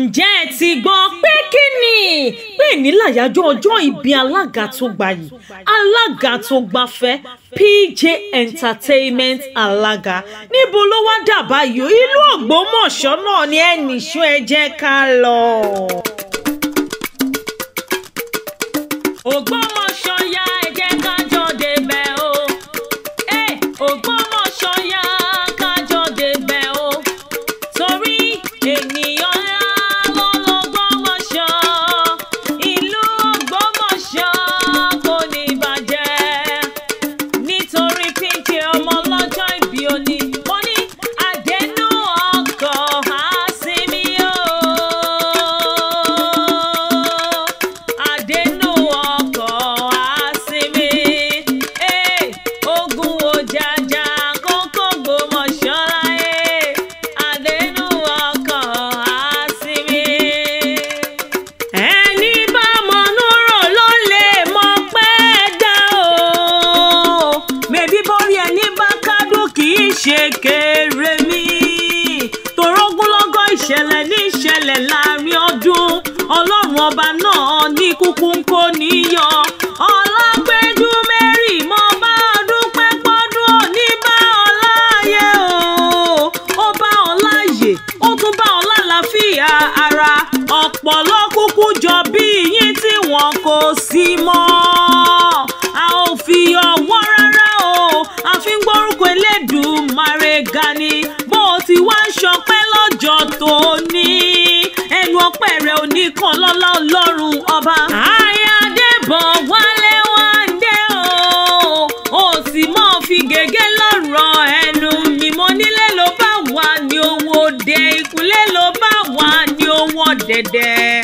ǹjẹ́ ẹ ti gbọ́ pé kí ni pé nílàyájọ́ ọjọ́ ìbí alága tó gba yìí alága tó gbafẹ́ PJ Entertainment alága níbo ló wá dà báyìí ìlú Ògbómọ̀ṣọ́ náà ni ẹ nìṣó ẹ jẹ́ ká lọ. Ògbómọ̀ṣọ́ yá. ṣe kéré mi torógúnlọ́gọ́ ìṣẹ̀lẹ̀ ní ìṣẹ̀lẹ̀ láàrin ọdún ọlọ́run ọba náà ní kúkú ń kó níyọ ọlágbẹ́jú mẹ́rì mọ́ bá ọdún pẹ́ pọ́dún òní bá ọláyé o ó bá ọláyé ó tún bá ọlálàáfíà ara ọ̀pọ̀lọ́ kúkú jọ bí yín tí wọn kò sí mọ́ a ò fi ọwọ́ rárá o a fi ń gbórúkọ elédùn ọ̀gá ni bó o ti wá ń ṣọpẹ́ lọ́jọ́ tó ní ẹnu ọpẹ́ rẹ̀ ò ní kan lọ́lá ọlọ́run ọba. àyà wálé wá ń dé o ò sì mọ́ fi gègé lọ́rọ̀ ẹnu mi mo nílé ló bá wà ní owó dé ìkúlé ló bá wà ní owó dẹ̀dẹ̀.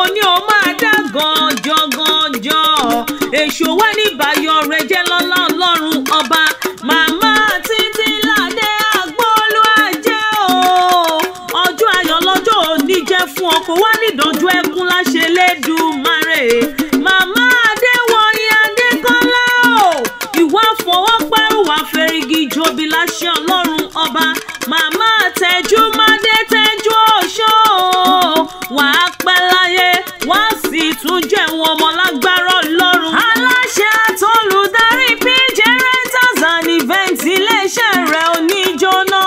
mo ní o máa dá gànjọ́ gànjọ́ èṣù wá ní ìbáyọ̀ rẹ̀ jẹ́ lọ́lá ọlọ́run ọba màmá títí ládé agbóòlù ajé o ọjọ́ ayọ̀ lọ́jọ́ òní jẹ́ fún ọ kò wá nídàájú ẹkún láṣẹ lẹ́dùnmáre màmá adéwọ̀nyí adékọ́lá o ìwà fọwọ́pá ìwà fẹ́rigi jobi láṣẹ ọlọ́run ọba màmá tẹjú mádé tẹjú ọ̀ṣọ́ o wàá pẹ́ lá kan lágbára Ọlọ́run. aláṣẹ àtolùdarí PJ Rentals and Events iléeṣẹ́ rẹ̀ oníjóná.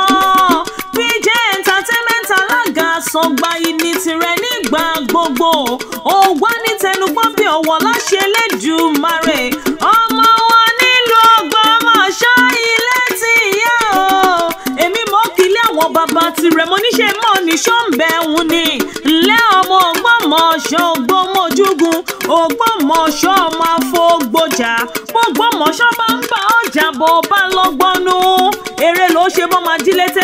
PJ Entertainment alága àsọgbà ìní tirẹ̀ nígbà gbogbo. ó wà ní tẹnugbọ́n bí ọ̀wọ́ láṣẹ Elédùmarè. àwọn bàbá tirẹ̀ mo níṣe mọ́ ní ṣọ́ǹbẹ̀ òun ni ńlẹ́ ọmọ Ògbómọ̀ṣọ́ Ògbómọ̀júgun Ògbómọ̀ṣọ́ ọmọ afọ́gbọ́jà Ògbómọ̀ṣọ́ bá ń bá ọjà bọ̀ bá lọ́gbọ́nú eré ló ṣe bọ́ máa dílé tẹ́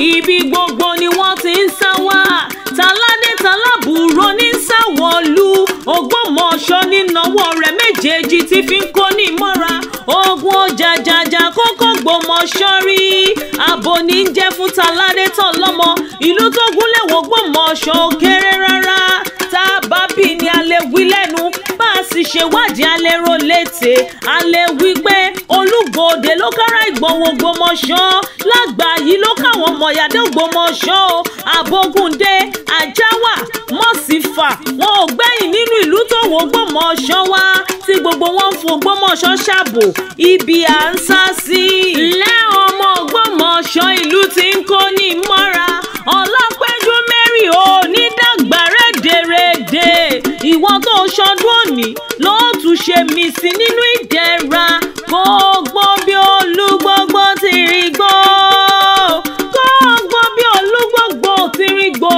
ibi gbogbo ni wọ́n ti ń sá wá taládé talábùúrò ní sáwọ́lú Ògbómọ̀ṣọ́ ní nọwọ́ rẹ̀ méjèèjì tí fi ń kó ní mọ́ra ogun ọjà jàjà kókó gbòmọ̀ṣọ́ rí abo ní ń jẹ́ fún taládé tán lọ́mọ ìlú tó gúnlẹ̀ wọ́gbọ́mọ̀ṣọ́ kéré rárá tá a bá bì ní alẹ́ wí lẹ́nu ti ṣèwádìí alẹ́ rò létè alẹ́ wípé olúgbòde ló kára ìgbòho gbòmọ̀ṣọ́ lágbà yìí ló káwọn ọmọ ìyàdé ògbòmọ̀ṣọ́ o Abogunde, ajáwà mọ̀sífà wọn ò gbẹ̀yìn nínú ìlú tó wò gbòmọ̀ṣọ́ wá tí gbogbo wọn ń fún ṣàbò ibi à ń sá sí. lẹ́ ọmọ ṣe mí sí nínú ìdẹ̀ra kó gbọ́n bí olúgbọ́ngbọ́n ti rí gbọ́. kó gbọ́n bí olúgbọ́ngbọ́n ti rí gbọ́.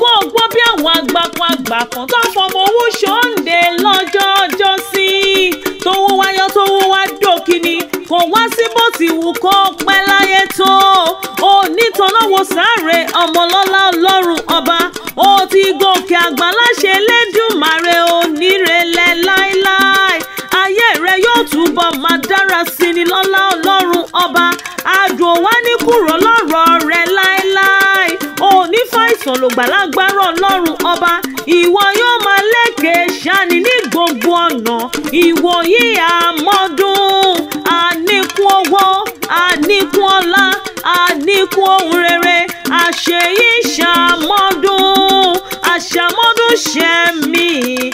kó gbọ́n bí àwọn agbákan agbákan tó fọmọ owó ṣòǹde lọ́jọ́ ọjọ́ sí. tówó wáyọ́ tówó wá dòkìní kò wá sí bó ti wù kó pẹ́ láyé tó. onítọ̀nàwó sáré ọmọlọ́lá ọlọ́run ọba ó ti gòkè àgbà láṣẹ lẹ́dùnmáre onírè túbọ̀ máa dára sí ni lọ́lá ọlọ́run ọba àdùn wa ní kúrò lọ́rọ̀ rẹ láéláé òní fàìsàn lògbà lágbára ọlọ́run ọba ìwọ yóò máa lékè ṣáni ní gbogbo ọ̀nà ìwòyí àmọ́dún àníkún owó àníkún ọlá àníkún ohun rere àṣeyí ṣàmọ́dún àṣàmọ́dún ṣẹ́mi.